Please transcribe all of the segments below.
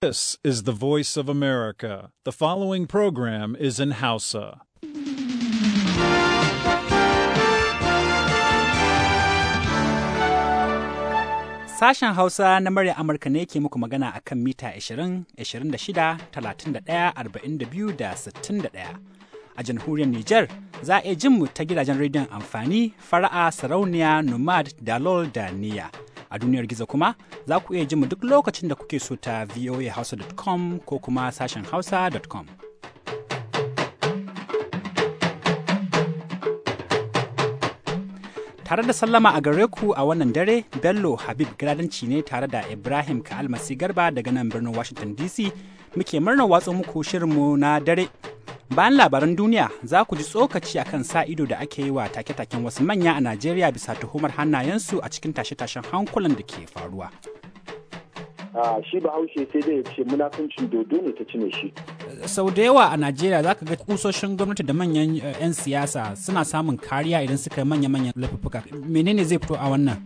This is the voice of America. The following program is in Hausa. Sashen Hausa na murya Amurka ne ke muku magana a kan mita 20, 26, 31, 42 da 61. A jamhuriyar Nijar za a iya jin mu ta gidajen rediyon amfani, fara'a, sarauniya, nomad, dalol da niyya. a duniyar gizo kuma za ku iya ji mu duk lokacin da kuke so ta voahausa.com ko kuma sashen hausa.com. Tare da sallama a gare ku a wannan dare, Bello Habib Gradanci ne tare da Ibrahim Ka'al Garba daga nan birnin Washington DC muke murnar watsa muku shirinmu na dare Bayan labaran duniya za ku ji tsokaci a kan sa ido da ake yi wa take-taken wasu manya a Najeriya bisa tuhumar hannayensu a cikin tashe-tashen hankulan da ke faruwa. shi ba haushe sai dai ya ce munafuncin dodo ne ta cine shi. Sau da yawa a Najeriya za ka ga kusoshin gwamnati da manyan eh, 'yan siyasa suna samun kariya idan suka yi manya-manyan laifuka. Menene zai fito a wannan?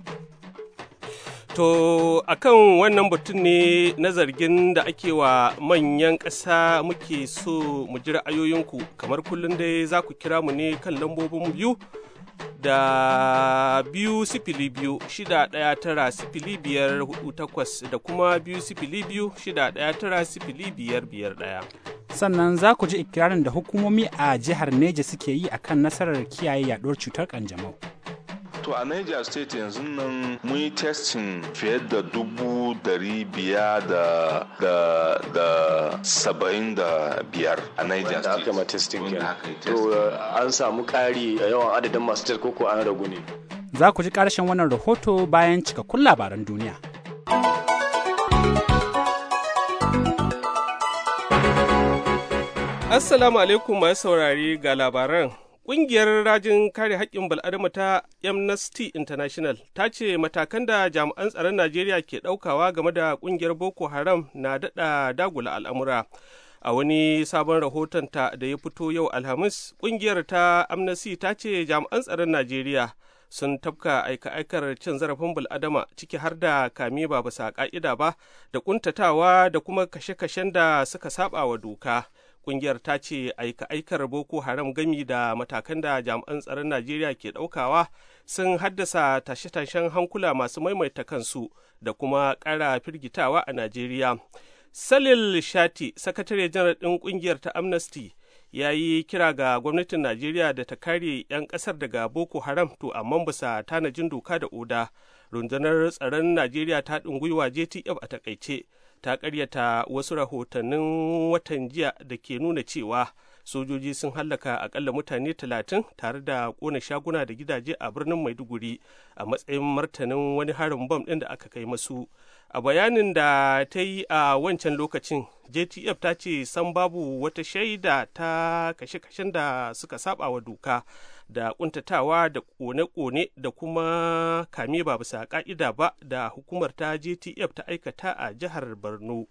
To, a kan wannan batun ne na zargin da ake wa manyan ƙasa muke so mu ji ra'ayoyinku, kamar kullum dai za ku kira mu ne kan lambobin biyu da biyu sifili biyu shida ɗaya tara sifili biyar hudu takwas da kuma biyu sifili biyu shida ɗaya tara sifili biyar biyar ɗaya. Sannan za ku ji ikirarin da hukumomi a jihar Neja suke yi akan nasarar kiyaye yaɗuwar cutar ƙanjamau. to a niger state yanzu nan mun yi testin fiye da dubu dari biya da da da saba'in da biyar a niger state aka kenan to eh, an samu kari a yawan adadin masu tar ko an ragu ne za ku ji karshen wannan rahoto bayan cikakkun labaran duniya Assalamu alaikum masu saurari ga labaran. Ƙungiyar rajin kare haƙƙin bal'adama ta Amnesty International ta ce matakan da jami'an tsaron Najeriya ke ɗaukawa game da ƙungiyar Boko Haram na daɗa dagula al'amura. A wani sabon rahotonta da ya fito yau Alhamis, ƙungiyar ta Amnesty ta ce jami'an tsaron Najeriya sun tafka aika-aikar cin zarafin bul'adama ciki har da kame ba bisa ƙa'ida ba da ƙuntatawa da kuma kashe-kashen da suka saba wa doka. Ƙungiyar ta ce aika-aikar Boko Haram gami da matakan da jami'an tsaron Najeriya ke ɗaukawa sun haddasa tashe-tashen hankula masu maimaita kansu da kuma ƙara firgitawa a Najeriya. Salil Shati, sakatare janar ɗin ƙungiyar ta Amnesty, ya yi kira ga gwamnatin Najeriya da ta kare 'yan ƙasar daga Boko Haram to amma bisa tanajin doka da oda. Rundunar tsaron Najeriya ta ɗin gwiwa JTF a takaice. ta karyata wasu rahotannin watan jiya da ke nuna cewa sojoji sun hallaka akalla mutane talatin tare da kona shaguna da gidaje a birnin maiduguri a matsayin martanin wani harin bom ɗin da aka kai masu a bayanin da ta yi a wancan lokacin jtf ta ce san babu wata shaida ta kashe-kashen da suka saba wa doka da kuntatawa da kone-kone da kuma kame ba bisa ka'ida ba da hukumar ta gtf ta aikata a jihar borno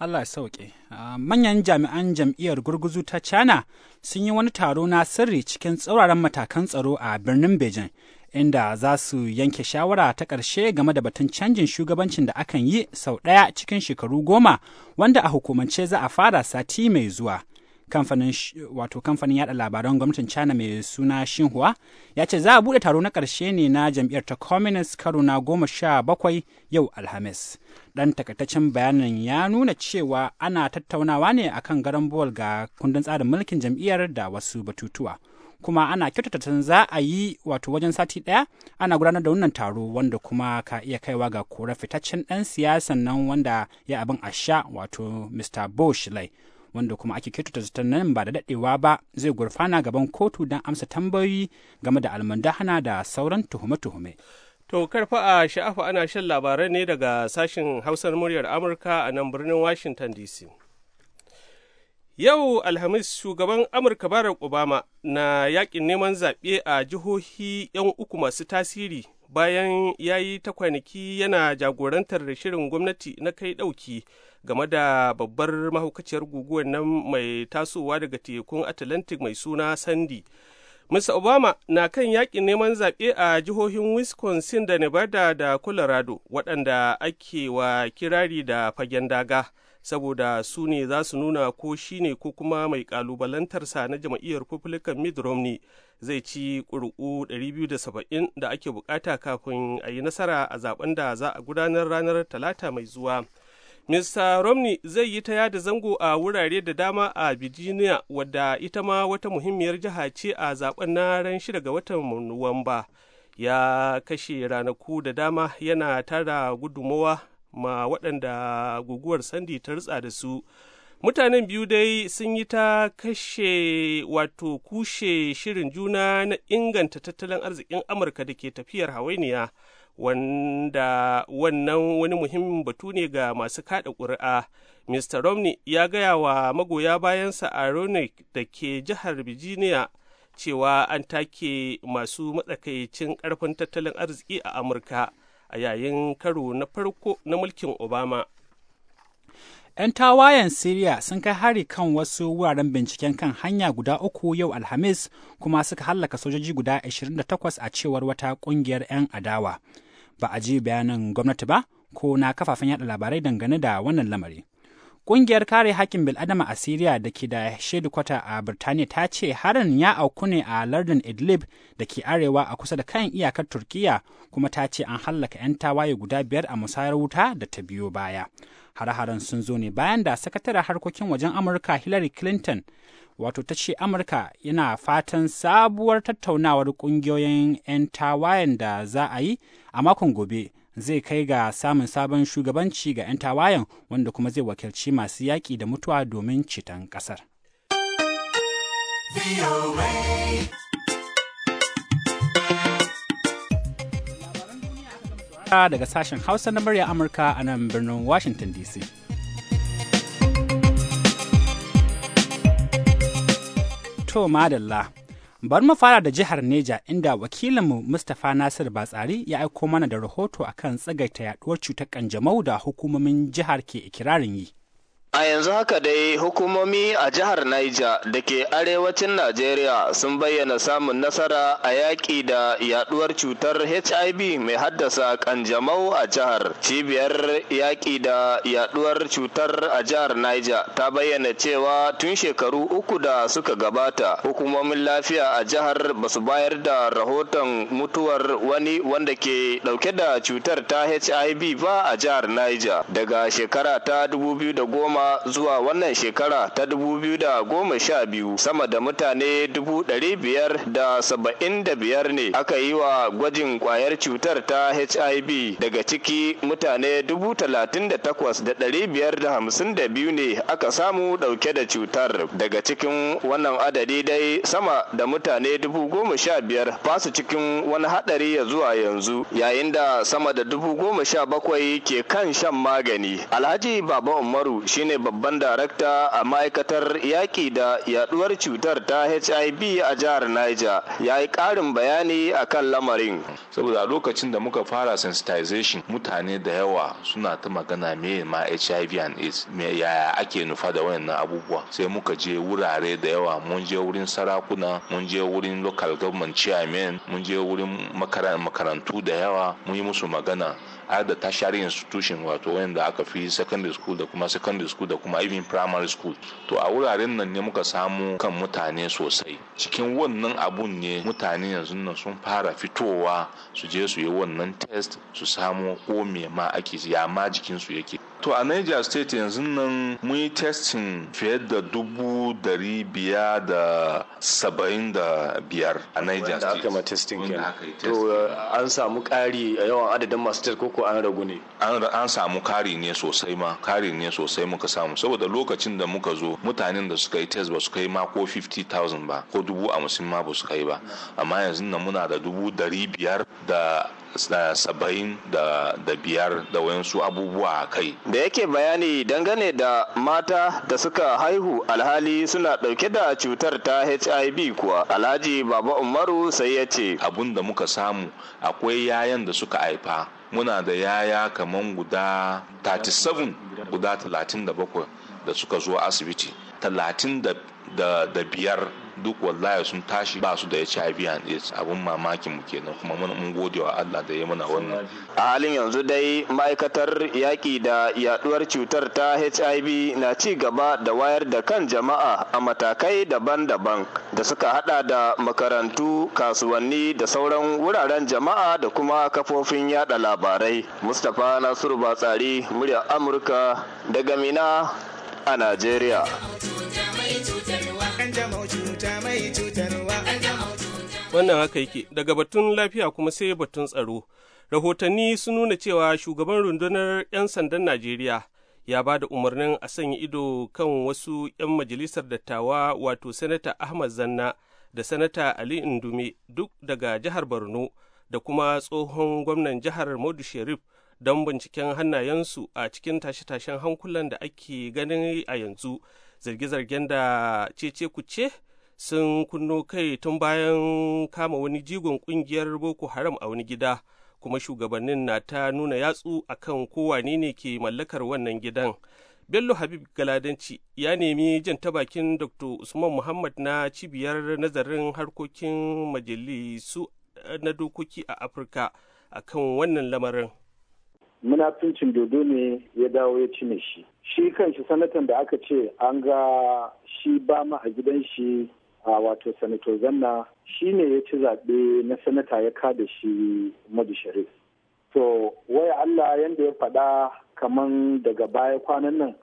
Allah ya sauke. Ah, manyan jami'an jam'iyyar gurguzu ta China sun yi wani taro na sirri cikin tsauraran matakan tsaro a birnin Beijing, inda za su yanke shawara ta ƙarshe game da batun canjin shugabancin da akan yi sau ɗaya cikin shekaru goma, wanda a hukumance za a fara sati mai zuwa. kamfanin wato kamfanin yada labaran gwamnatin China mai suna Xinhua ya ce za a bude taro na karshe ne na jam'iyyar ta Communist karo na goma sha bakwai yau Alhamis. Dan takaitaccen bayanin ya nuna cewa ana tattaunawa ne akan garan bol ga kundin tsarin mulkin jam'iyyar da wasu batutuwa. kuma ana kyautata za a yi wato wajen sati ɗaya ana gudanar da wannan taro wanda kuma ka iya kaiwa ga kora fitaccen ɗan siyasan nan wanda ya abin a sha wato mr bush lai wanda kuma ake kyautata zaton nan ba da daɗewa ba zai gurfana gaban kotu don amsa tambayoyi game da almandahana da sauran tuhume-tuhume. To karfa a sha'afa ana shan labarai ne daga sashen hausar muryar Amurka a nan birnin Washington DC. Yau Alhamis shugaban Amurka Barack Obama na yakin neman zaɓe a jihohi 'yan uku masu tasiri bayan ya yi ta kwanaki yana jagorantar shirin gwamnati na kai ɗauki game da babbar mahaukaciyar guguwar nan mai tasowa daga tekun atlantic mai suna sandy mr obama na kan yakin neman zaɓe a jihohin wisconsin da nevada da colorado waɗanda ake wa kirari da fagen daga saboda su ne za su nuna ko shi ne ko kuma mai kalubalantarsa na jam'iyyar republican Mid romney zai ci ƙuri'u 270 da ake bukata kafin a yi nasara a zaben da za a gudanar ranar talata mai zuwa Mr. Romney zai yi ta yada zango a wurare da dama a Virginia wadda ita ma wata muhimmiyar jiha ce a zaben na ran shida ga watan Nuwamba. Ya kashe ranaku da dama yana tara gudumawa ma waɗanda guguwar sandi ta ritsa da su mutanen biyu dai sun yi ta kashe wato kushe shirin juna na inganta tattalin arzikin amurka da ke tafiyar hawainiya wanda wannan wani muhimmin batu ne ga masu kada ƙuri'a mr romney ya gaya wa magoya bayansa a ronick da ke jihar virginia cewa an take masu matsakaicin ƙarfin tattalin arziki a amurka a yayin karo na farko na mulkin obama 'yan tawayen Siriya sun kai hari kan wasu wuraren binciken kan hanya guda uku yau Alhamis kuma suka hallaka sojoji guda 28 a cewar wata ƙungiyar 'yan adawa. Ba a ji bayanin gwamnati ba ko na kafafen yaɗa labarai dangane da wannan lamari. Ƙungiyar kare hakkin bil'adama a Siriya da ke da shedikwata a Birtaniya ta ce harin ya auku ne a lardin Idlib da ke arewa a kusa da kan iyakar Turkiyya kuma ta ce an hallaka 'yan tawaye guda biyar a musayar wuta da ta biyo baya. Har haren sun zo ne bayan da sakataren harkokin wajen Amurka Hillary Clinton wato ta ce Amurka yana fatan sabuwar tattaunawar ƙungiyoyin 'yan tawayen da za a yi a makon gobe zai kai ga samun sabon shugabanci ga 'yan tawayen wanda kuma zai wakilci masu yaƙi da mutuwa domin citan ƙasar. daga sashen Hausa na murya Amurka a nan birnin Washington DC. To madalla Bar mu fara da jihar Neja inda wakilinmu Mustapha Nasir Batsari ya aiko mana da rahoto akan tsagaita yaduwar cutar kanjamau da hukumomin jihar ke ikirarin yi. A yanzu haka dai hukumomi a jihar Niger da ke arewacin Najeriya sun bayyana samun nasara a yaƙi da yaduwar cutar HIV mai haddasa kanjamau a jihar. Cibiyar yaƙi da yaduwar cutar a jihar Niger ta bayyana cewa tun shekaru uku da suka gabata hukumomin lafiya a jihar ba su bayar da rahoton mutuwar wani wanda ke ɗauke da cutar ta HIV ba a jihar Niger daga shekara ta 2010. goma zuwa wannan shekara ta dubu biyu da goma sha biyu sama da mutane dubu ɗari biyar da saba'in da biyar ne aka yi wa gwajin kwayar cutar ta hiv daga ciki mutane dubu talatin da takwas da ɗari biyar da hamsin da biyu ne aka samu ɗauke da cutar daga cikin wannan adadi dai sama da mutane dubu goma sha biyar fasu cikin wani haɗari ya zuwa yanzu yayin da sama da dubu goma sha bakwai ke kan shan magani alhaji baba umaru shine shine babban darakta a ma'aikatar yaƙi da yaduwar cutar ta hiv a jihar niger ya yi ƙarin bayani a kan lamarin saboda lokacin da muka fara sensitization mutane da yawa suna ta magana me ma hiv and aids me yaya ake nufa da wayannan abubuwa sai muka je wurare da yawa mun je wurin sarakuna mun je wurin local government chairman mun je wurin makarantu da yawa mun yi musu magana har da tertiary institution wato wanda aka fi secondary school da kuma secondary school da kuma even primary school to a wuraren nan ne muka samu kan mutane sosai cikin wannan abun ne mutane yanzu nan sun fara fitowa su je su yi wannan test su samu ko me ma ake ya ma jikinsu yake to a niger state yanzu nan mun yi testin fiye da dubu dari biya da saba'in da biyar a niger state Wanda aka ma testing kenan to an samu kari a yawan adadin masu test koko an ragu ne an samu kari ne sosai ma kari ne sosai muka samu saboda lokacin da muka zo mutanen da suka yi test ba su kai ma ko 50,000 ba ko dubu hamsin ma ba su kai ba amma yanzu nan muna da dubu dari biyar da saba'in da biyar da wayansu abubuwa a kai da yake bayani dangane da mata da suka haihu alhali suna ɗauke da cutar ta hiv kuwa alhaji baba umaru sai ya ce abun da muka samu akwai yayan da suka haifa muna da yaya kamar guda 37 guda 37 da suka zo asibiti 35 duk wallahi sun tashi ba su da HIV and AIDS abun mamakin mu kenan kuma mun gode wa Allah da ya mana wannan a halin yanzu dai ma'aikatar yaki da yaduwar cutar ta HIV na ci gaba da wayar da kan jama'a a matakai daban-daban da suka hada da makarantu kasuwanni da sauran wuraren jama'a da kuma kafofin yada labarai mustapha nasiru batsari muryar amurka daga mina a najeriya Wannan haka yake daga batun lafiya kuma sai batun tsaro. Rahotanni sun nuna cewa shugaban rundunar 'yan sandan Najeriya ya ba da umarnin a sanya ido kan wasu 'yan majalisar dattawa wato Sanata Ahmad Zanna da Sanata Ali Indume duk daga jihar Borno da kuma tsohon gwamnan jihar Modu Sharif don binciken hannayensu a cikin tashe-tashen hankulan da ake ganin a yanzu zarge-zargen da cece kuce sun kunno kai tun bayan kama wani jigon kungiyar boko haram a wani gida kuma shugabannin na ta nuna yatsu akan kowane ne ke mallakar wannan gidan bello habib galadanci ya nemi jan ta bakin dr usman muhammad na cibiyar nazarin harkokin majalisu eh, na dokoki a afirka akan wannan lamarin munafincin dodo ne ya dawo ya cime shi shi kanshi sanatan da aka ce an ga shi ba ma a gidan shi a wato sanato zanna shi ne ya ci zaɓe na sanata ya kada shi madu sharif to waya allah yadda ya faɗa kaman daga baya kwanan nan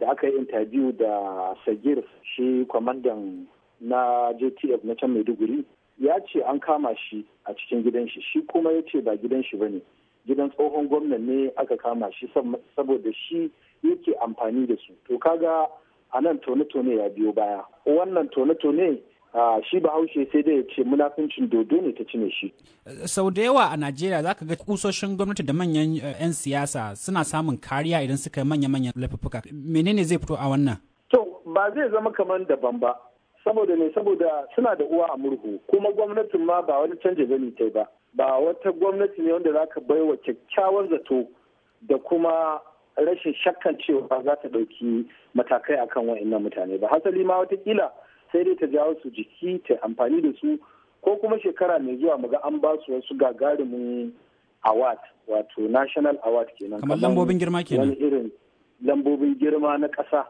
da aka yi intabiyu da sagir shi kwamandan na jtf na can maiduguri ya ce an kama shi a cikin gidan shi shi kuma ya ce ba gidan shi ba ne gidan tsohon gwamnan ne aka kama shi saboda shi yake amfani da su to kaga a nan tone-tone ya biyo baya wannan tone-tone shi bahaushe sai dai ya ce munafincin dodo ne ta cine shi. sau da yawa a najeriya za ka ga kusoshin gwamnati da manyan eh, 'yan siyasa suna samun kariya idan suka yi manya-manyan laifuffuka menene zai fito a wannan to ba zai zama kamar daban ba saboda ne saboda suna da uwa a murhu kuma gwamnatin ma ba wani canje gani ta ba ba wata gwamnati ne wanda za ka baiwa kyakkyawan zato da kuma rashin shakkan cewa za ta ɗauki matakai akan waɗannan mutane ba hasali ma watakila sai dai ta jawo su jiki ta amfani da su ko kuma shekara mai zuwa muga an ba su wasu gagarumin award wato national award kenan kamar lambobin girma kenan wani irin lambobin girma na ƙasa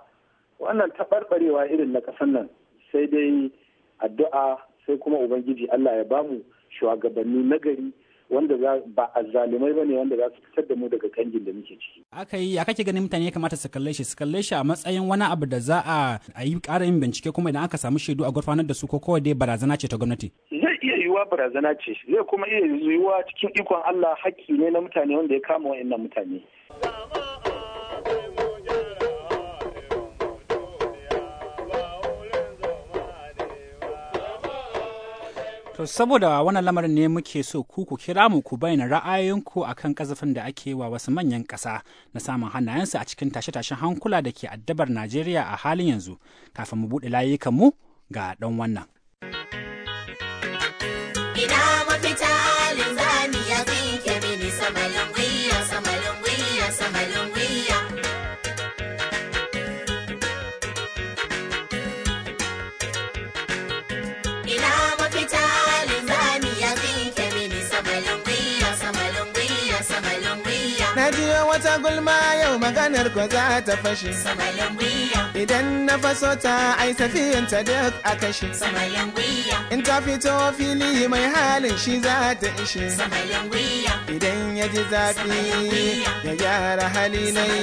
wannan taɓarɓarewa irin na ƙasan nan sai dai addu'a sai kuma ubangiji Allah ya bamu shugabanni nagari wanda ba a ba ne wanda za su fitar da mu daga kangin da muke ciki. Aka yi, ya kake ganin mutane ya kamata su kalle shi, su kalle shi a matsayin wani abu da za a yi ƙara yin bincike kuma idan aka samu shaidu a gurfanar da su ko kawai dai barazana ce ta gwamnati. Zai iya yiwuwa barazana ce, zai kuma iya yiwuwa cikin ikon Allah hakki ne na mutane wanda ya kama wa'annan mutane. To saboda wannan lamarin ne muke so ku ku kira mu ku bayyana ra'ayoyinku akan kazafin da ake wa wasu manyan ƙasa na samun hannayensu a cikin tashe-tashen hankula da ke addabar Najeriya a halin yanzu kafin mu buɗe layukan mu ga ɗan wannan. maganar ko za ta fashe idan na faso ta ai safiyan ta duk a kashe in ta fito fili mai halin shi za ta ishe idan ya ji zafi ya gyara hali nai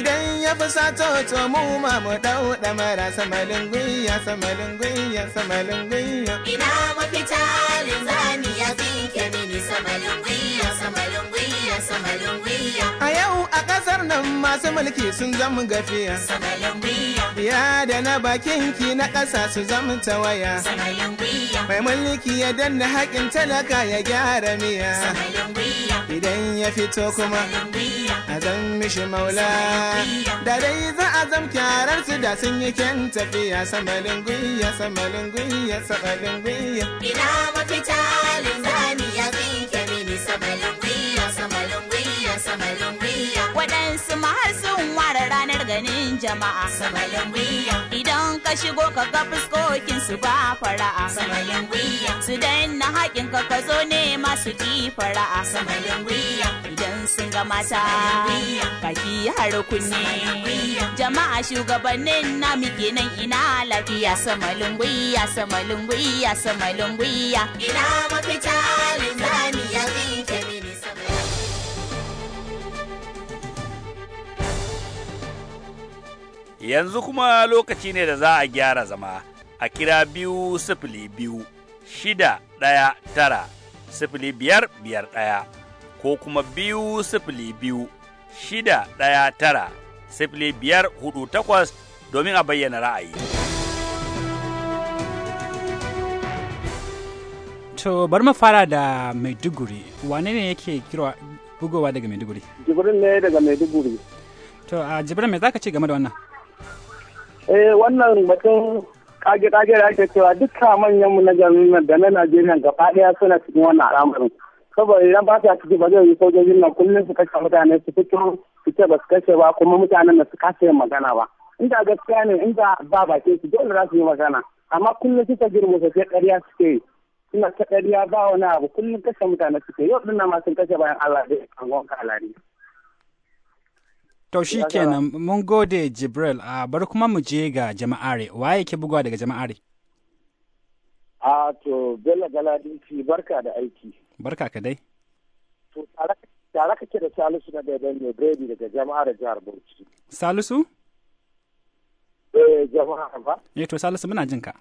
idan ya fi sato to mu ma mu dau damara samalin gwiya samalin gwiya samalin gwiya ina mafita linzani ya fi mini samalin gwiya samalin A yau a ƙasar nan masu mulki sun zama gafiya. Biya da na bakin ki na ƙasa su zama tawaya. Mai mulki ya danna haƙin talaka ya gyara miya. Idan ya fito kuma a zan mishi maula. Da dai za a zam kyarar su da sun yi kyan tafiya. Samalin gwiya, samalin gwiya, samalin gwiya. Ina mafita linzani ya zinke mini samalin maganin jama'a samalan wiya idan ka shigo ka ga fuskokin su ba fara'a samalan wiya su daina haƙin ka ka zo ne masu ji fara'a samalan wiya idan sun ga mata kaki har kunne jama'a shugabannin na muke nan ina lafiya samalin wiya samalin wiya samalin wiya ina mafita yanzu kuma lokaci ne da za a gyara zama a kira biyu sifili biyu shida ɗaya tara sifili biyar biyar ɗaya ko kuma biyu sifili biyu shida ɗaya tara sifili biyar hudu takwas domin a bayyana ra'ayi. To bar fara da Maiduguri wane ne yake kira bugowa daga Maiduguri? Jibrin ne daga Maiduguri. To a Jibrin me zaka ce game da wannan? eh wannan batun kage-kage da ake cewa dukkan mu na jami'an da na Najeriya gaba daya suna cikin wannan al'amarin. Saboda idan ba ta ciki ba zai yi sojojin nan kullum su kashe mutane su fito su ce ba su kashe ba kuma mutanen da su kasa yin magana ba. Inda gaskiya ne inda ba bakin su dole za su yi magana. Amma kullum suka girma su sai ƙarya suke yi. Suna ta ƙarya ba wani abu kullum kashe mutane suke yau ɗin nan ma sun kashe bayan Allah da ya kangon kalari. To shi kenan mun gode Jibril a ah, bar kuma mu je ga jama'are waye ke bugawa daga jama'are? A ah, to Bello Galadinci barka da aiki. Barka ka dai. To tare kake da Salisu na daidai ne Brady daga jama'ar jihar Bauchi. Salisu? Eh jama'a ba. Eh to Salisu muna jin ka.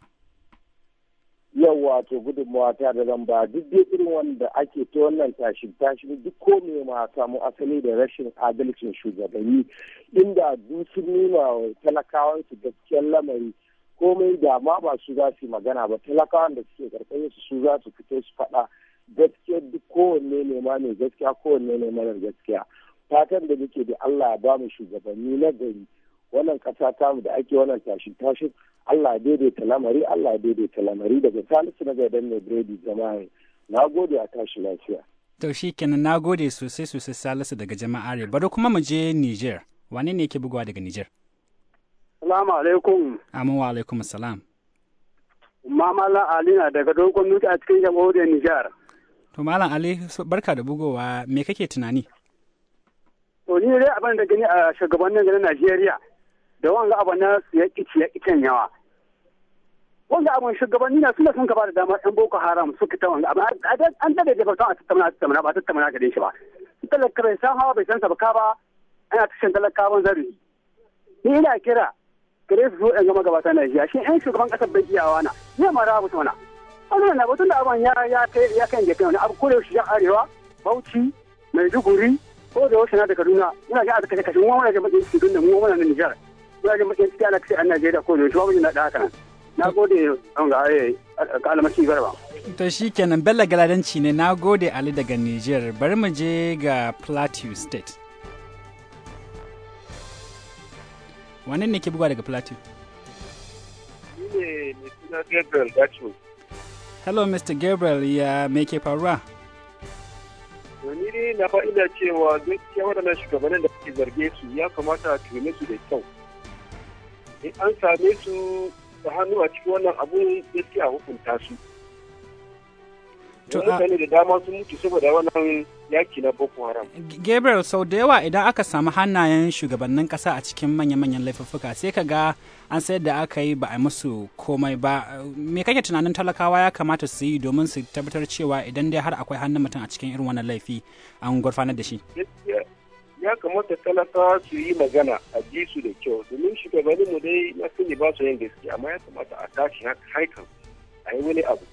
yau wato gudunmawa ta da lamba duk dai irin wanda ake ta wannan tashin tashin duk ko ne ma samu asali da rashin adalcin shugabanni inda duk sun nuna talakawansu gaskiyar lamari komai da ma ba su za su magana ba talakawan da suke karkashin su su za su fito su faɗa gaskiya duk kowanne ne ma ne gaskiya kowanne ne marar gaskiya fatan da muke da Allah ya ba mu shugabanni na gari wannan ta tamu da ake wannan tashin tashin Allah daidaita lamari Allah daidaita lamari daga salisu na gaidan mai biredi jama'a na gode a tashi lafiya. To shi kenan na gode sosai sosai salisu daga jama'are bari kuma mu je Niger wane ne yake bugawa daga Niger? Salamu alaikum. Amin wa alaikum salam. Mamala Ali na daga dogon nuki a cikin jamhuriyar Nijar. To Malam Ali barka da bugowa me kake tunani? To ni dai abin da gani a shugabannin gani Najeriya da wanga abu na siya kici ya kicen yawa wanga abu shugabanni na suna sun gaba da damar yan boko haram su kita wanga abu an daga da fatan a tattauna a tattauna ba a tattauna ga shi ba talaka bai san hawa bai san sabaka ba ana tashin ban zari ni ina kira gare su yan gama gabata na jiya. shi yan shugaban kasar bai iyawa na ne ma rabu Wani wannan na batun da abu ya ya kai ya kai gefe wani abu kore shi ya arewa Bauchi Maiduguri ko da wasu na da Kaduna ina ga aka kashe kashe mu wannan da mutum da mu wannan Nijar zai mu gaskiya na kace a Najeriya ko da shi na da haka na gode an ga eh, kalmaci garba to shikenan Bello Galadanci ne na gode Ali daga Niger bari mu je ga Plateau State wannan ne ke buga daga Plateau ne mai Gabriel Gacho Hello Mr. Gabriel ya me ke faruwa? Wani ne na fa'ida cewa gaskiya waɗannan shugabannin da ake zarge su ya kamata a tume su da kyau. in an same su da hannu a cikin wannan abun a hukunta su mutane da dama sun mutu saboda wannan yaki na boko haram gabriel sau da yawa idan aka samu hannayen shugabannin kasa a cikin manya-manyan laifuffuka sai ka ga an sayar da aka yi ba a musu komai ba me kake tunanin talakawa ya kamata su yi domin su tabbatar cewa idan dai har akwai hannun mutum a cikin irin wannan laifi an gurfanar da shi ya kamata talakawa su yi magana a ji su da kyau domin shugabannin mu dai na sani ba su yin gaskiya amma ya kamata a tashi haikan a yi wani abu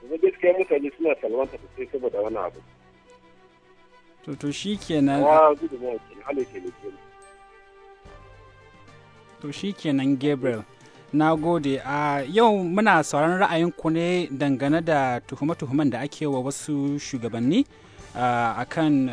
kuma gaskiya mutane suna salwanta sai saboda wani abu to to shi kenan wa to shi kenan Gabriel na gode a yau muna sauran ra'ayinku ne dangane da tuhume-tuhumen da ake wa wasu shugabanni a kan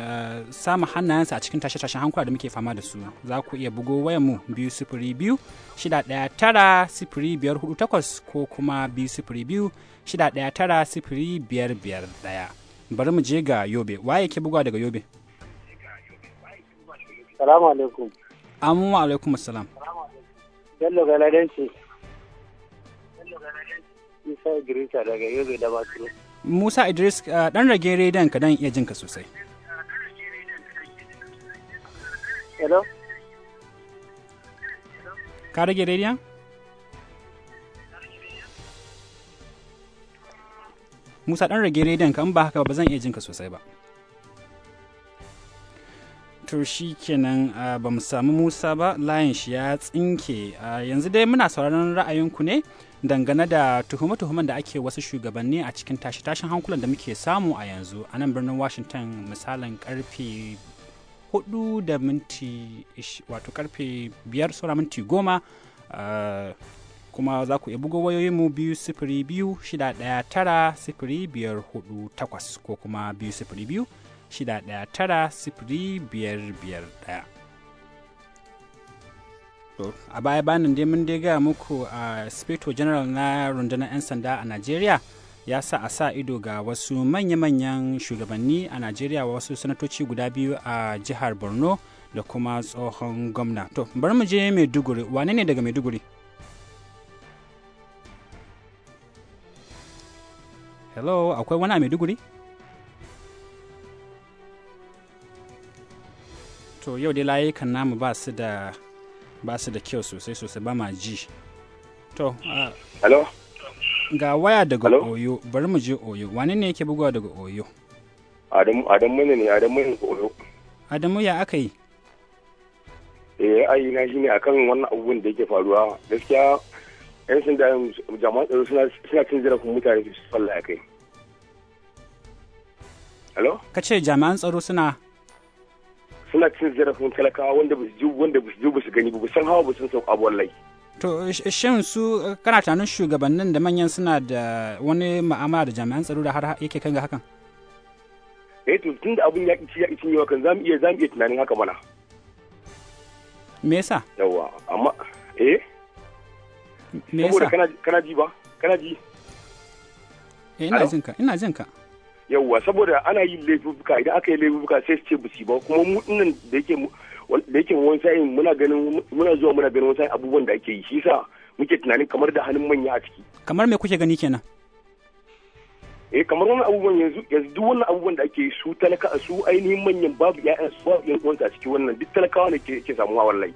samun hannayensa a cikin tashe-tashen hankula da muke fama da su za ku iya bugo wayan mu biyu sifiri biyu shida daya tara sifiri biyar hudu takwas ko kuma biyu sifiri biyu shida daya tara sifiri biyar biyar daya bari mu je ga yobe waye ke bugawa daga yobe salamu alaikum amin wa alaikum salam bello galadanci isa girisa daga yobe da maturu Musa Idris uh, ɗan rage rediyon ka dan iya jin ka sosai. Hello? Ka rage rediyon? Musa ɗan rage rediyon ka in ba haka ba zan iya jin ka sosai ba. to shi kenan uh, ba mu samu musa ba layin shi ya tsinke uh, yanzu dai muna sauraron ra'ayinku ne dangane da tuhume-tuhumen da ake wasu shugabanni a cikin tashi-tashin hankulan da muke samu a yanzu a nan birnin washington misalin karfe 4 da minti wato karfe 5 saura minti 10 eh, kuma za ku iya wayoyin wayoyinmu biyu sifiri biyu shida daya tara sifiri biyar hudu takwas ko kuma biyu sifiri biyu shida daya tara sifiri biyar biyar daya. a baya banin dai mun dai gaya muku a speto general na rundunar 'yan sanda a nigeria ya sa a sa ido ga wasu manya-manyan shugabanni a nigeria najeriya wasu sanatoci guda biyu a jihar borno da kuma tsohon gwamna to bari mu je maiduguri wane ne daga maiduguri hello akwai wani a maiduguri to yau dai layukan namu ba su da ba su da kyau sosai sosai ba ma ji to hello ga waya daga oyo bari mu je oyo wani ne yake bugawa daga oyo adamu adamu ne adamu ne oyo adamu ya aka yi eh ai na shi ne a kan wannan abubuwan da yake faruwa gaskiya yan sanda jama'a tsaro suna cin zarafin mutane su falla a kai hello ce jami'an tsaro suna suna cin zarafin talakawa wanda ba su ji wanda ba su ji ba su gani ba san hawa ba sun san sauka wallahi to shin su kana tunanin shugabannin da manyan suna da wani ma'amala da jami'an tsaro da har yake kan ga hakan eh to tun da abun ya ƙi ya ƙi yawa kan zamu iya zamu iya tunanin haka mana me yasa yawa amma eh me yasa kana kana ji ba kana ji eh ina jinka ina jinka yawwa saboda ana yin laifuka idan aka yi laifuka sai su ce busi ba kuma mu da yake da yake wani sa'in muna ganin muna zuwa muna ganin wani abubuwan da ake yi shi sa muke tunanin kamar da hannun manya a ciki kamar me kuke gani kenan eh kamar wani abubuwan yanzu yanzu duk wannan abubuwan da ake su talaka su ainihin manyan babu ya'yan su babu yan uwansu a ciki wannan duk talakawa ne ke ke samuwa wallahi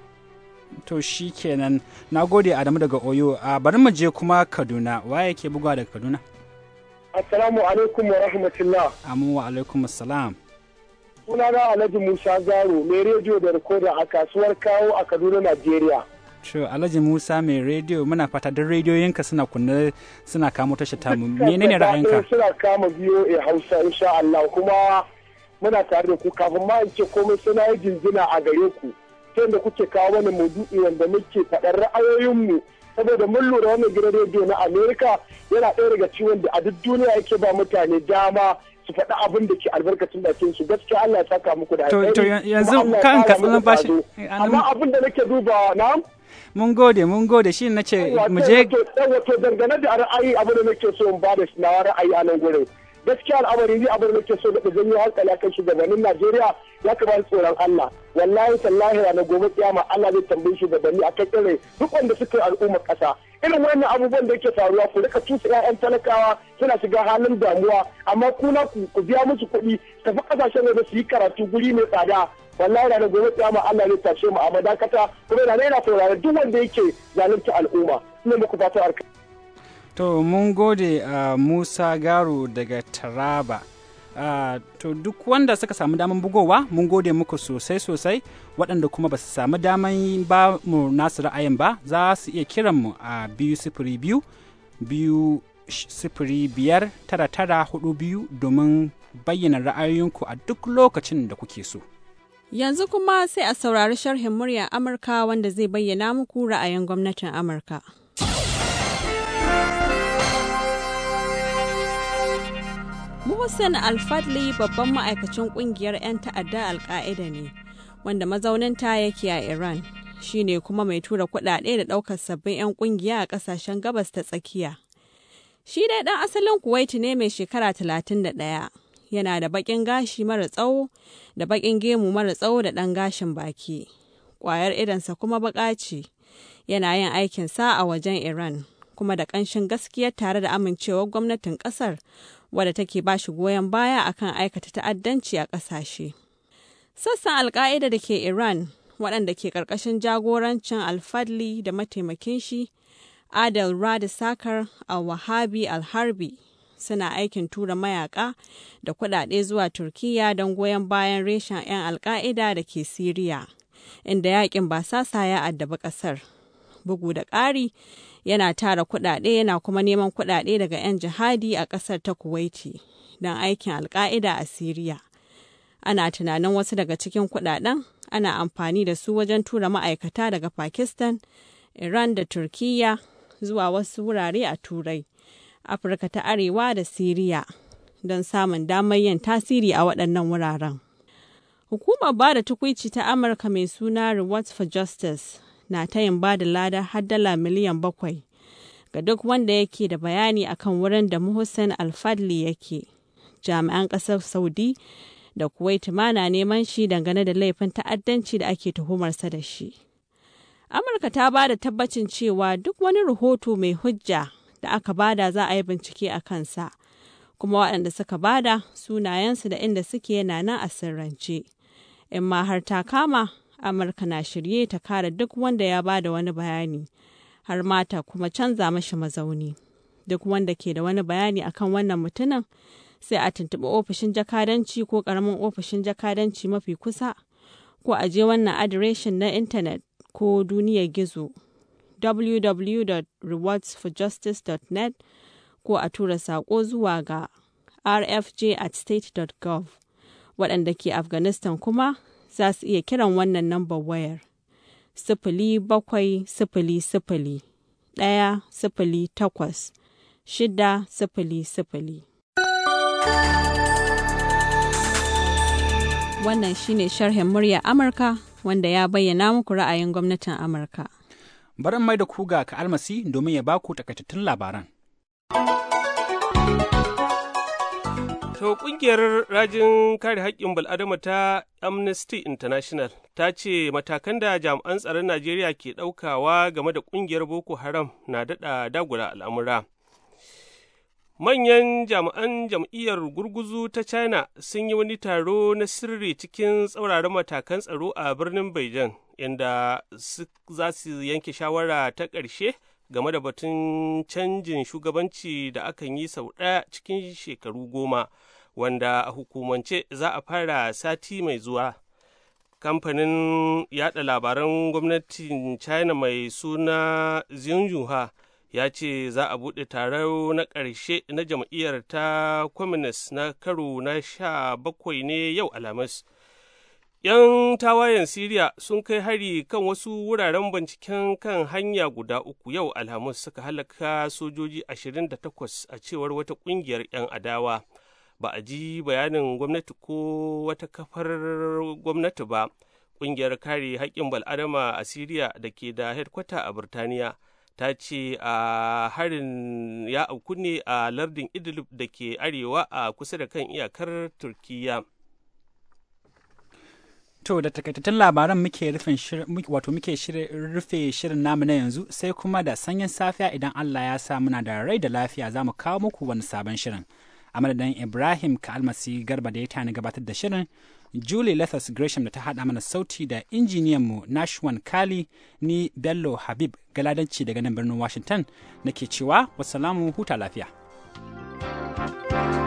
to shi kenan nagode Adamu daga Oyo a bari mu je kuma Kaduna waye ke bugawa daga Kaduna Assalamu alaikum wa rahmatullah. Amin wa alaikum assalam. Sunana Alhaji Musa Zaro mai rediyo da rikoda a kasuwar kawo a Kaduna, Najeriya. Sure, Alhaji Musa mai rediyo muna fata don rediyoyinka suna kunne suna kamo shi tamu. Menene ra'ayinka? Suna kama biyo a Hausa insha Allah kuma muna tare da ku kafin ma in ce komai suna yi jinjina a gare ku. sai da kuke kawo mana maudu'i wanda muke faɗar ra'ayoyinmu saboda mun lura wannan gidan rediyo na amerika yana ɗaya daga ciwon da a duk duniya yake ba mutane dama su faɗi abin da ke albarkacin bakin su gaskiya Allah ya saka muku da alheri to yanzu kan ka tsanan bashi amma abin da nake duba na mun gode mun gode shi na ce mu je wato dangane da ra'ayi abin da nake so in ba da shi na ra'ayi a nan gurin gaskiya al'amari ni abin da ke so da janyo hankali akan shugabannin Najeriya ya kamata tsoron Allah wallahi tallahi ranar gobe kiyama Allah zai tambayi shugabanni akan irin duk wanda suka al'ummar ƙasa irin wannan abubuwan da yake faruwa ku rika tusa 'ya'yan talakawa suna shiga halin damuwa amma kuna ku biya musu kuɗi tafi ƙasashen waje su yi karatu guri mai tsada wallahi ranar gobe kiyama Allah zai tashe mu a madakata kuma yana yana saurare duk wanda yake zalunta al'umma ina muku fatan alkhairi to mun gode a uh, musa garu daga taraba uh, to duk wanda suka samu daman bugowa mun gode muku sosai sosai waɗanda kuma ba su samu daman ba mu nasu ra'ayin ba za su iya kiran mu a biyu sifiri biyu biyu sifiri biyar tara tara hudu biyu domin bayyana ra'ayoyinku a duk lokacin da kuke so. Yanzu kuma sai a saurari sharhin murya Amurka wanda zai bayyana muku ra'ayin gwamnatin Amurka. Muhsin Alfadli babban ma'aikacin kungiyar 'yan ta'adda Alka'ida ne, wanda mazauninta yake a Iran, shi ne kuma mai tura kuɗaɗe da ɗaukar sabbin 'yan kungiya a ƙasashen gabas ta tsakiya. Shi dai ɗan asalin Kuwaiti ne mai shekara 31, yana da baƙin gashi mara tsawo da baƙin gemu mara tsawo da ɗan gashin baki. kwayar idansa kuma baƙa ce, yana yin aikin sa a wajen Iran. kuma da ƙanshin gaskiya tare da amincewar gwamnatin ƙasar wadda take ba shi goyon baya akan aikata ta'addanci a ƙasashe. Sassan alka'ida da ke Iran waɗanda ke ƙarƙashin jagorancin alfadli da mataimakin shi Adel Radi Sakar a wahabi al-Harbi suna aikin tura mayaka da kuɗaɗe zuwa Turkiyya don goyon bayan reshen 'yan alka'ida da ke Siriya, inda yakin basasa ya addabi ƙasar. Bugu da ƙari, yana tara kuɗaɗe yana kuma neman kuɗaɗe daga 'yan jihadi a ƙasar ta kuwaiti don aikin alka'ida a siriya ana tunanin wasu daga cikin kuɗaɗen ana amfani da su wajen tura ma'aikata daga pakistan iran da turkiya zuwa wasu wurare a turai afirka ta arewa da siriya don samun damar yin tasiri a waɗannan wuraren hukumar ba da tukwici ta amurka mai suna rewards for justice na tayin ba da lada har dala miliyan bakwai ga duk wanda yake da bayani akan wurin da Muhsin Alfadli yake. Jami'an ƙasar Saudi da Kuwait ma na neman shi dangane da laifin ta'addanci da ake tuhumarsa da shi. Amurka ta ba da tabbacin cewa duk wani rahoto mai hujja da aka bada za a yi bincike a kansa, kuma waɗanda suka bada sunayensu da inda suke yana nan a sirrance. In ma har ta kama amurka na shirye ta kare duk wanda ya ba da wani bayani har mata kuma canza mashi mazauni duk wanda ke da wani bayani akan wannan mutumin sai a tuntuɓi ofishin jakadanci ko ƙaramin ofishin jakadanci mafi kusa ko a je wannan adireshin na intanet ko duniyar gizo www.rewardsforjustice.net ko a tura saƙo zuwa ga rfj at state.gov waɗanda ke afghanistan kuma za su iya kiran wannan nambar wayar. Sifili bakwai sifili sifili ɗaya sifili takwas shida sifili sifili. Wannan shine sharhin murya Amurka wanda ya bayyana muku ra'ayin gwamnatin Amurka. Barin mai da kuga ka almasi domin ya baku takaitattun labaran. To ƙungiyar rajin kare haƙƙin bal'adama ta Amnesty International ta ce matakan da jami'an tsaron Najeriya ke ɗaukawa game da ƙungiyar Boko Haram na daɗa dagula al'amura. Manyan jami'an jam'iyyar gurguzu ta China sun yi wani taro na sirri cikin tsauraran matakan tsaro a birnin Beijing, inda za su yanke shawara ta ƙarshe game da batun canjin shugabanci da akan yi sau ɗaya cikin shekaru goma wanda a hukumance za a fara sati mai zuwa kamfanin yada labaran gwamnatin china mai suna xinhua ya ce za a buɗe taro na ƙarshe na jam'iyyar ta communist na karo na sha bakwai ne yau alhamis 'yan tawayen syria sun kai hari kan wasu wuraren binciken kan hanya guda uku yau alhamis suka halaka sojoji 28 a cewar wata ƙungiyar 'yan adawa ba a ji bayanin gwamnati ko wata kafar gwamnati ba ƙungiyar kare haƙƙin bal'adama a siriya da ke da headkwata a birtaniya ta ce a harin ya auku ne a lardin idlib da ke arewa a kusa da kan iyakar turkiya To da takaitattun labaran muke wato muke rufe shirin namu na yanzu sai kuma da sanyin safiya idan Allah ya sa muna da rai da lafiya za mu kawo muku wani sabon shirin. a madadin ibrahim ka almasi garba da ya tani gabatar da shirin julie lethas gresham da ta haɗa mana sauti da injiniyanmu nashwan kali ni bello habib galadanci daga nan birnin washington nake cewa wasalamu huta lafiya thank you